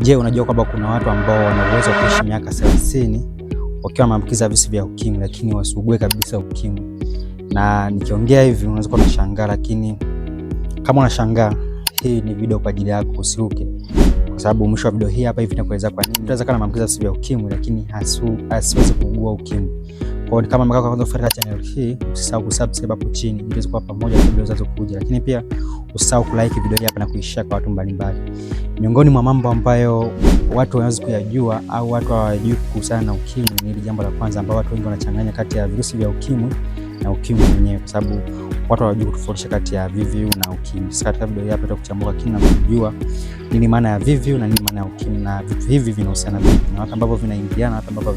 Je, unajua kwamba kuna watu ambao wana uwezo wa kuishi miaka 30 wakiwa wameambukiza virusi vya ukimwi lakini wasiugue kabisa ukimwi? Na nikiongea hivi unaweza kuwa unashangaa, lakini kama unashangaa, hii ni video kwa ajili yako, usiruke, kwa sababu mwisho wa video hii hapa hivi nitakueleza kwa nini unaweza kuwa na maambukizi ya virusi vya ukimwi lakini hasiwezi kuugua ukimwi. Kwa hiyo kama mkaka kwanza kufuata channel hii, usisahau kusubscribe hapo chini ili tuwe pamoja kwa video zinazokuja. Lakini pia usisahau kulike video hii hapa na kuishare kwa watu mbalimbali. Miongoni mwa mambo ambayo watu wanaweza kuyajua au watu hawajui kuhusiana na ukimwi ni hili jambo la kwanza ambao watu wengi wanachanganya kati ya virusi vya ukimwi na ukimwi mwenyewe kwa sababu watu hawajui kutofautisha kati ya VVU na ukimwi. Sasa katika video hii hapa tutakuchambua kina na kujua nini maana ya VVU na nini maana ya ukimwi na vitu hivi vinahusiana vipi na watu ambao vinaingiana na watu ambao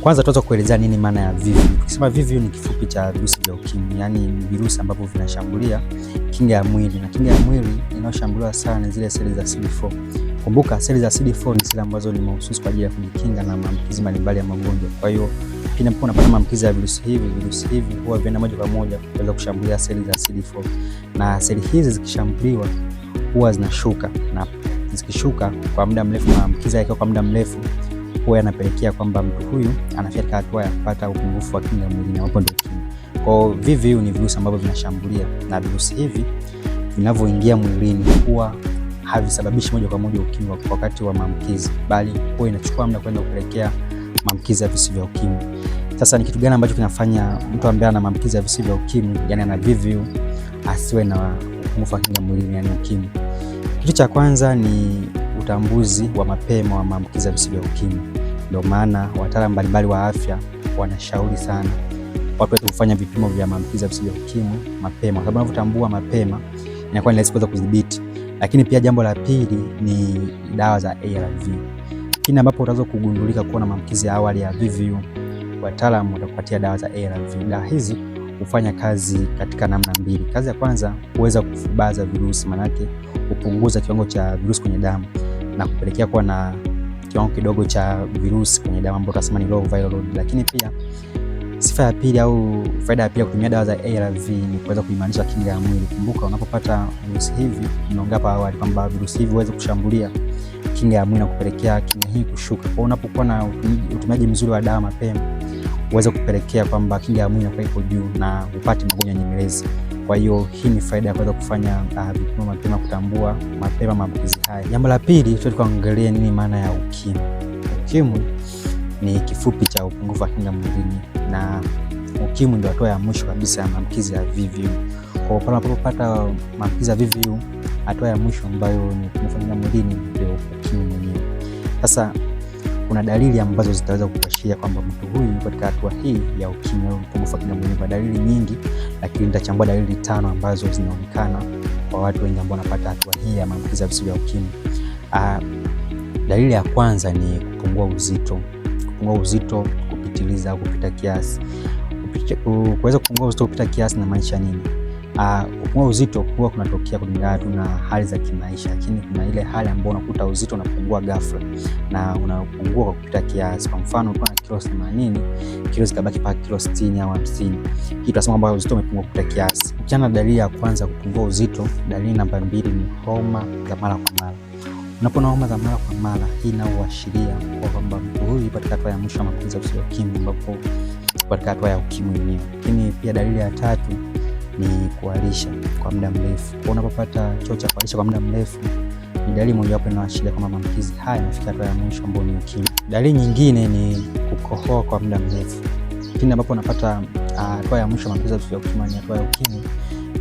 kwanza tuanze kuelezea nini maana ya VVU. Tukisema VVU ni kifupi cha virusi vya ukimwi, yani virusi ambavyo vinashambulia kinga ya mwili, na kinga ya mwili inayoshambuliwa sana ni zile seli za CD4. Kumbuka seli za CD4 ni seli ambazo ni mahususi kwa ajili ya kujikinga na maambukizi mbalimbali ya magonjwa. Kwa hiyo pindi unapata maambukizi ya virusi hivi, virusi hivi huwa vinaenda moja kwa moja kuweza kushambulia seli za CD4, na seli hizi zikishambuliwa huwa zinashuka, na zikishuka kwa muda mrefu, maambukizi yake kwa muda mrefu huwa yanapelekea kwamba mtu huyu anafika hatua ya kupata upungufu wa kinga mwilini, hapo ndio kinga. Kwa VVU ni virusi ambavyo vinashambulia, na virusi hivi vinavyoingia mwilini huwa havisababishi moja kwa moja ukimwi kwa wakati wa maambukizi, bali huwa inachukua muda kwenda kupelekea maambukizi ya virusi vya ukimwi. Sasa ni kitu gani ambacho kinafanya mtu ambaye ana maambukizi ya virusi vya ukimwi, yani ana VVU, asiwe na upungufu wa kinga mwilini, yani ukimwi? Kitu cha kwanza ni utambuzi wa mapema wa maambukizi ya virusi vya ukimwi. Ndio maana wataalamu mbalimbali wa afya wanashauri sana watu waweze kufanya vipimo vya maambukizi ya virusi vya ukimwi mapema, kwa sababu unavyotambua mapema inakuwa ni rahisi kuweza kudhibiti. Lakini pia jambo la pili ni dawa za ARV. lakini ambapo utaweza kugundulika kuwa na maambukizi ya awali ya VVU, wataalamu watakupatia dawa za ARV. Dawa hizi hufanya kazi katika namna mbili. Kazi ya kwanza, huweza kufubaza virusi, maanake hupunguza kiwango cha virusi kwenye damu na kupelekea kuwa na kiwango kidogo cha virusi kwenye damu ambayo tunasema ni low viral load. Lakini pia sifa ya pili au faida ya pili ya kutumia dawa za ARV ni kuweza kuimarisha kinga ya mwili. Kumbuka unapopata virusi hivi, nimeongea hapa awali kwamba virusi hivi huweza kushambulia kinga ya mwili na kupelekea kinga hii kushuka. Kwa unapokuwa na utumiaji mzuri wa dawa mapema, huweza kupelekea kwamba kinga ya mwili inakuwa iko juu na upate magonjwa nyemelezi. Kwa hiyo hii ni faida ya kuweza kufanya uh, vipimo mapema, kutambua mapema maambukizi haya. Jambo la pili, tukaongelee nini maana ya ukimwi. Ukimwi ni kifupi cha upungufu wa kinga mwilini, na ukimwi ndio hatua ya mwisho kabisa ya maambukizi ya VVU. Kwa pale unapopata maambukizi ya VVU, hatua ya mwisho ambayo ni kinga mwilini ndio ukimwi mwenyewe. Sasa kuna dalili ambazo zitaweza kukuashiria kwamba mtu huyu katika hatua hii ya ukimwi au upungufu wa kinga. Kuna dalili nyingi, lakini nitachambua dalili tano ambazo zinaonekana kwa watu wengi ambao wanapata hatua hii ya maambukizi ya virusi vya ukimwi. Ah, dalili ya kwanza ni kupungua uzito, kupungua uzito kupitiliza au kupita kiasi. Kuweza kupungua uzito kupita kiasi na maisha nini Ah, kupungua uh, uzito huwa kunatokea kulingana tu na hali za kimaisha, lakini kuna ile hali ambayo unakuta uzito unapungua ghafla na unapungua kwa kupita kiasi. Kwa mfano ukiwa na kilo 80 kilo zikabaki paka kilo 60 au 50, hii tunasema kwamba uzito umepungua kupita kiasi. Ukiana dalili ya kwanza kupungua uzito, dalili namba mbili ni homa za mara kwa mara. Unapona homa za mara kwa mara, hii inaashiria kwamba mtu huyu yupo katika hatua ya mwisho ya maambukizi ya UKIMWI, ambapo katika hatua ya UKIMWI yenyewe. Lakini pia dalili ya tatu ni kuharisha kwa muda mrefu. Kwa Unapopata choo cha kuharisha kwa muda mrefu ni dalili mojawapo inayoashiria kwamba maambukizi haya yamefika hatua ya mwisho ambao ni ukimwi. Dalili nyingine ni kukohoa kwa muda mrefu. Pindi ambapo unapata ah, hatua ya mwisho maambukizi ya ukimwi ni hatua ya ukimwi,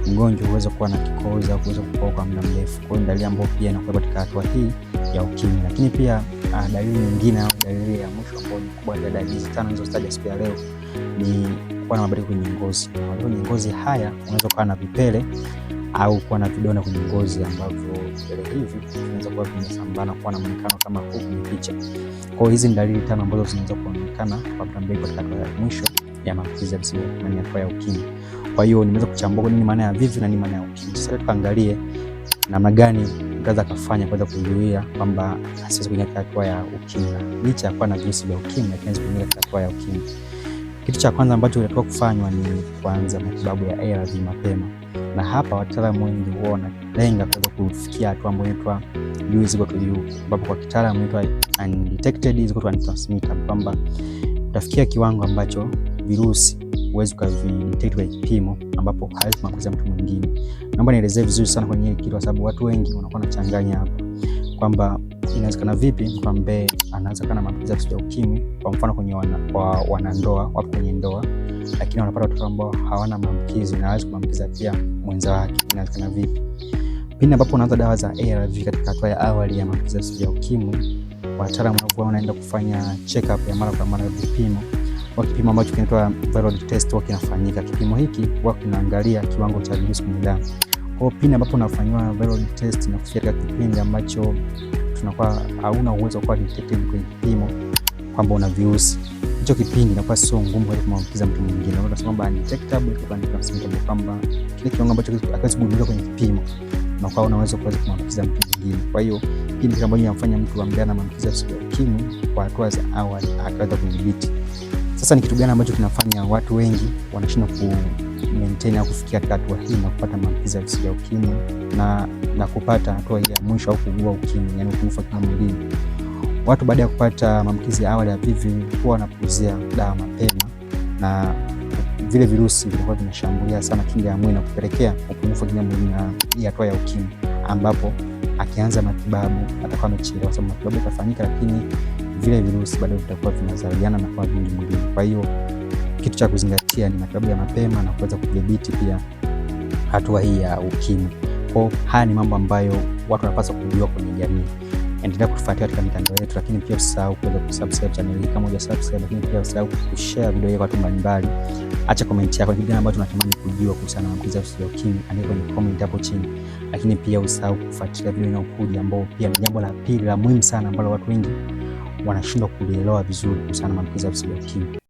mgonjwa huweza kuwa na kikohozi au kuweza kukohoa kwa muda mrefu. Kwa hiyo ni dalili ambayo pia inakuwa katika hatua hii ya ukimwi. Lakini pia ah, dalili nyingine au dalili ya mwisho ambayo ni kubwa ya dalili tano hizo siku ya leo ni kuwa na mabadiliko kwenye ngozi. Mabadiliko kwenye ngozi haya, unaweza kuwa na vipele au kuwa na vidonda kwenye ngozi ambavyo vipele hivi vinaweza kuwa vimesambana kuwa na mwonekano kama huu kwenye picha. Kwa hiyo hizi ni dalili tano ambazo zinaweza kuonekana kwa muda mrefu katika hatua ya mwisho ya maambukizi ya virusi vya UKIMWI. Kwa hiyo nimeweza kuchambua nini maana ya VVU na nini maana ya UKIMWI. Sasa tuangalie namna gani mkaza kafanya kuweza kuzuia kwamba asiweze kuingia katika hatua ya UKIMWI. Licha ya kuwa na virusi vya UKIMWI, lakini asiweze kuingia katika hatua ya UKIMWI. Kitu cha kwanza ambacho kinatakiwa kufanywa ni kwanza matibabu ya ARV mapema, na hapa wataalamu wengi huwa wanalenga kuweza kufikia hatua ambayo inaitwa juu ziko tu juu, ambapo kwa kitaalamu inaitwa undetected ziko tu to kwamba utafikia kiwango ambacho virusi huwezi ukavidetect kwa kipimo ambapo hawezi kumwambukiza mtu mwingine. Naomba nielezee vizuri sana kwenye hili kitu, kwa sababu watu wengi wanakuwa wanachanganya hapa kwamba inawezekana vipi kwa mbe anaanza na maambukizi ya virusi vya ukimwi, kwa mfano kwenye wana, wanandoa wapo kwenye ndoa, lakini wanapata watoto ambao hawana maambukizi na hawezi kumwambukiza pia mwenza wake, inawezekana vipi? Pindi ambapo unaanza dawa za ARV katika hatua ya awali ya maambukizi ya virusi vya ukimwi, wataalamu wanakuwa wanaenda kufanya check up ya mara kwa mara ya vipimo kwa kipimo ambacho kinaitwa viral test, huwa kinafanyika. Kipimo hiki wa kinaangalia kiwango cha virusi kwenye damu kwa pindi ambapo unafanyiwa viral test na kufika kipindi ambacho tunakuwa hauna uwezo wa kuwa detected kwenye kipimo kwamba una virusi, hicho kipindi inakuwa sio ngumu kwa kumwambukiza mtu mwingine. Unasema kwamba undetectable, kwamba kile kiungo ambacho hakiwezi kugundulika kwenye kipimo na kwa unaweza kuweza kumwambukiza mtu mwingine. Kwa hiyo hii ni kitu ambacho inamfanya mtu ambaye ana maambukizi ya virusi vya ukimwi kwa hatua za awali akaweza kudhibiti. Sasa ni kitu gani ambacho kinafanya watu wengi wanashindwa maintain au kufikia katika hatua hii na kupata maambukizi ya virusi vya ukimwi na, na kupata hatua ya mwisho au kuugua ukimwi, yani upungufu wa damu mwilini. Watu baada ya kupata maambukizi ya awali ya VVU huwa wanapuuzia dawa mapema na vile virusi vinakuwa vinashambulia sana kinga ya mwili na kupelekea upungufu wa kinga mwilini na hii hatua ya ukimwi, ambapo akianza matibabu atakuwa amechelewa, kwa sababu matibabu yatafanyika, lakini vile virusi bado vitakuwa vinazaliana na kuwa vingi mwilini. Kwa hiyo kitu cha kuzingatia ni matibabu ya mapema na kuweza kudhibiti pia hatua hii ya ukimwi. Kwa haya ni mambo ambayo watu wanapaswa kujua kwenye jamii. Endelea kutufuatia katika mitandao yetu, lakini pia usisahau kuweza kusubscribe channel hii kama hujasubscribe, lakini pia usisahau kushare video hii kwa watu mbalimbali. Acha comment yako, ni kitu ambacho tunatamani kujua kuhusiana na maambukizi ya ukimwi, andika kwenye comment hapo chini. Lakini pia usisahau kufuatilia video inayokuja, ambao pia ni jambo la pili la muhimu sana ambalo watu wengi wanashindwa kulielewa vizuri kuhusiana na maambukizi ya ukimwi.